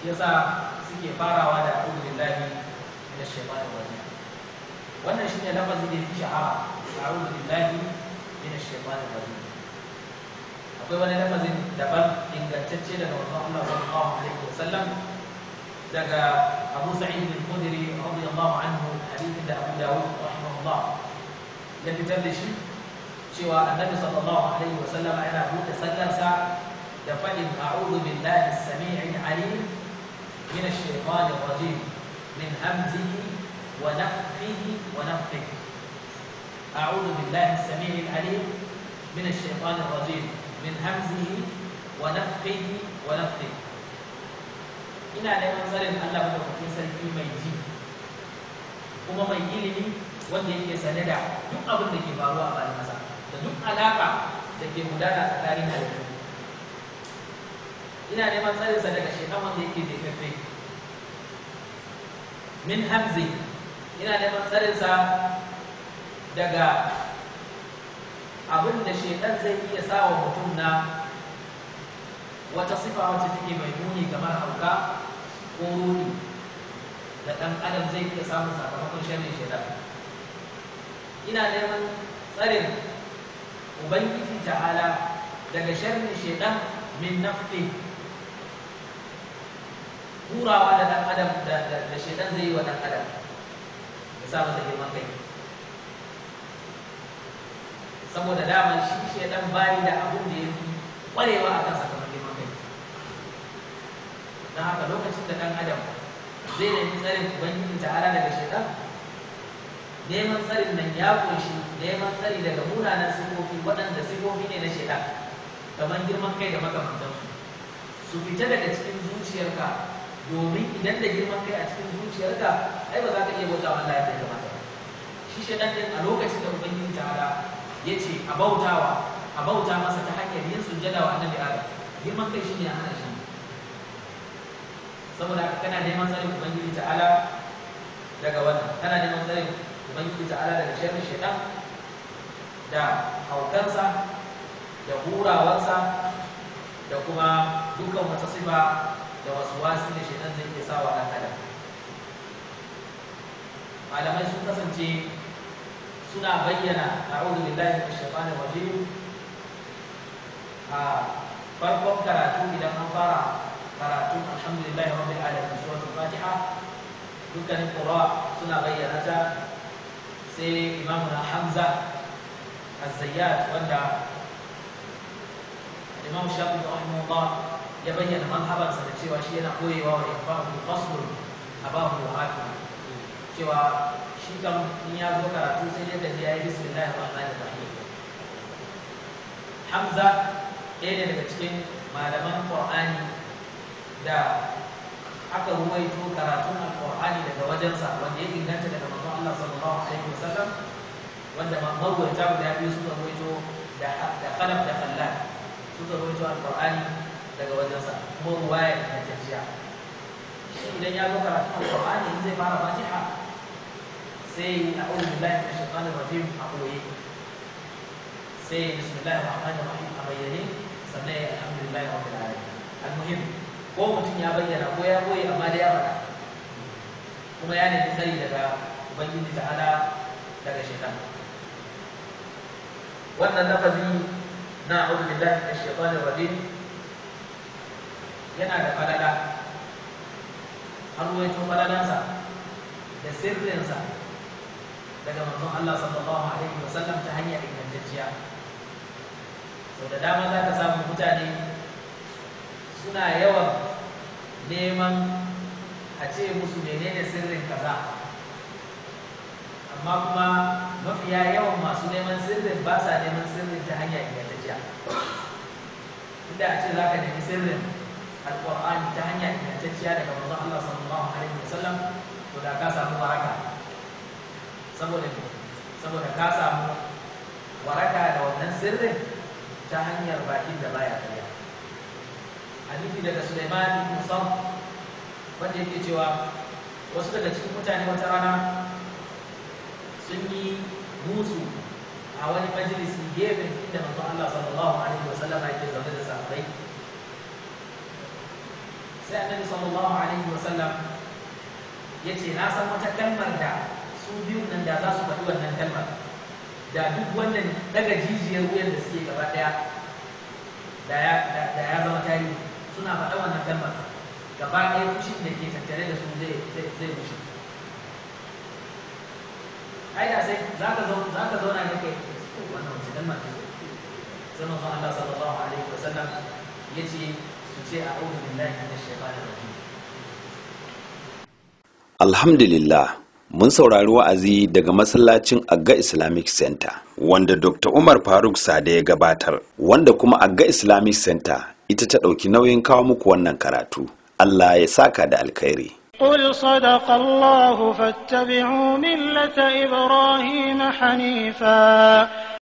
shi yasa suke farawa da a'udhu من الشيطان الرجيم wannan shi ne lafazin da ya fi shahara a'udhu billahi min ash-shaytanir rajim akwai wani lafazin daban ingantacce daga manzon Allah sallallahu alaihi wasallam daga Abu Sa'id al-Khudri radiyallahu anhu hadithin da Abu Dawud rahimahullah ya fitar da shi cewa Annabi sallallahu alaihi wasallam yana buɗe sallarsa da faɗin a'udhu billahi as-sami'il 'alim min ash-shaytanir rajim من همزه ونفخه ونفخه أعوذ بالله السميع العليم من الشيطان الرجيم من همزه ونفخه ونفخه ina neman tsarin Allah madaukakin sarki mai ji kuma mai ilimi wanda yake sane da duk abin da ke faruwa a bayan ƙasa da duk alaƙa da ke gudana tsakanin halittu ina neman tsarin sa daga shaitan wanda yake da min hamzi ina neman tsarinsa daga abin da shaidan zai iya sawa mutum na wata sifa wacce take mai muni kamar hauka ko ruri da ɗan adam zai iya samun sakamakon shirin shaidan ina neman tsarin ubangiji ta'ala daga shirin shaidan min naftin turawa da ɗan adam da shedan zai yi wa ɗan adam ya sa masa girman kai saboda dama shi shedan bayi da abin da ya fi kwarewa a kansa kamar girman kai don haka lokacin da ɗan adam zai nemi tsarin ubangiji ara daga shedan neman tsarin nan ya ƙunshi neman tsari daga munanan sifofi waɗanda sifofi ne na shedan kamar girman kai da makamantansu su fita daga cikin zuciyarka domin idan da girman kai a cikin zuciyarka ai ba za ka iya bauta wa Allah yadda ya kamata shi shi dan a lokacin da ubangiji ta'ala ya ce a bautawa a bauta masa ta hanyar yin sujjada wa annabi adam girman kai shine a hana shi saboda haka kana neman tsarin ubangiji ala daga wannan kana neman tsarin ubangiji ala daga sharrin shaitan da haukansa da hurawarsa da kuma dukkan wata sifa وسواس da shaitan zai iya sawa ɗan adam malamai sun kasance suna bayyana a'udhu billahi minash shaitani rajim a farkon karatu idan an fara karatu alhamdulillahi rabbil alamin suratul fatiha dukkanin qura suna bayyana ta sai imamu hamza az-zayyad wanda imam shafi'i rahimahullah ya bayyana mazhabansa da cewa shi yana koyewa wa a ba mu hafi cewa shi kam in ya zo karatu sai ya da ya yi bismillahir ba. rahim hamza ɗaya ne daga cikin malaman qur'ani da aka ruwaito karatun alqur'ani daga wajensa wanda ya inganta daga manzon Allah sallallahu alaihi wasallam wanda ta guda biyu suka ruwaito da kalam da kallal suka ruwaito alqur'ani daga wannan sa kuma ruwaya ingantacciya shi idan ya zo karatun alƙur'ani zai fara fatiha sai a a'udhu billahi minash shaitanir rajim a koyi sai bismillahir rahmanir rahim a bayyane sannan ya alhamdulillahi rabbil Al-muhim, ko mutum ya bayyana ko ya koyi amma da ya faɗa kuma ya nemi tsari daga ubangiji ta'ala daga shaitan wannan lafazi na a'udhu billahi minash shaitanir rajim yana da falala an ruwaito falalansa da sirrinsa daga manzon Allah sallallahu alaihi wasallam ta hanyar ingantacciya sau da dama za ka samu mutane suna yawan neman a ce musu menene sirrin kaza amma kuma mafiya yawan masu neman sirrin ba sa neman sirrin ta hanyar ingantacciya inda a ce za ka nemi sirrin alqur'ani ta hanya ingantacciya daga manzon Allah sallallahu alaihi wasallam to da ka samu waraka saboda saboda ka samu waraka da wannan sirrin ta hanyar bakin da baya kariya hadisi daga Sulaiman ibn Sa'd wanda yake cewa wasu daga cikin mutane wata rana sun yi musu a wani majalisi gefen inda manzon Allah sallallahu alaihi wasallam yake zaune da sahabbai sai annabi sallallahu alaihi wasallam ya ce na san wata kalmar da su biyun nan da za su faɗi wannan kalmar da duk wannan daga jijiyar wuyar da suke gaba daya da ya zama tarihi suna faɗa wannan kalmar gaba ɗaya fushin da ke tattare da su zai wuce ai da sai za ka zauna ne kai wannan wace kalmar ce sai manzon Allah sallallahu alaihi wasallam ya ce Alhamdulillah mun saurari wa'azi daga masallacin Agga Islamic Center wanda Dr. Umar Faruk Sade ya gabatar wanda kuma Agga Islamic Center ita ta ɗauki nauyin kawo muku wannan karatu. Allah ya saka da alkhairi. Qul sadaqa Allahu fattabi'u millata na Hanifa.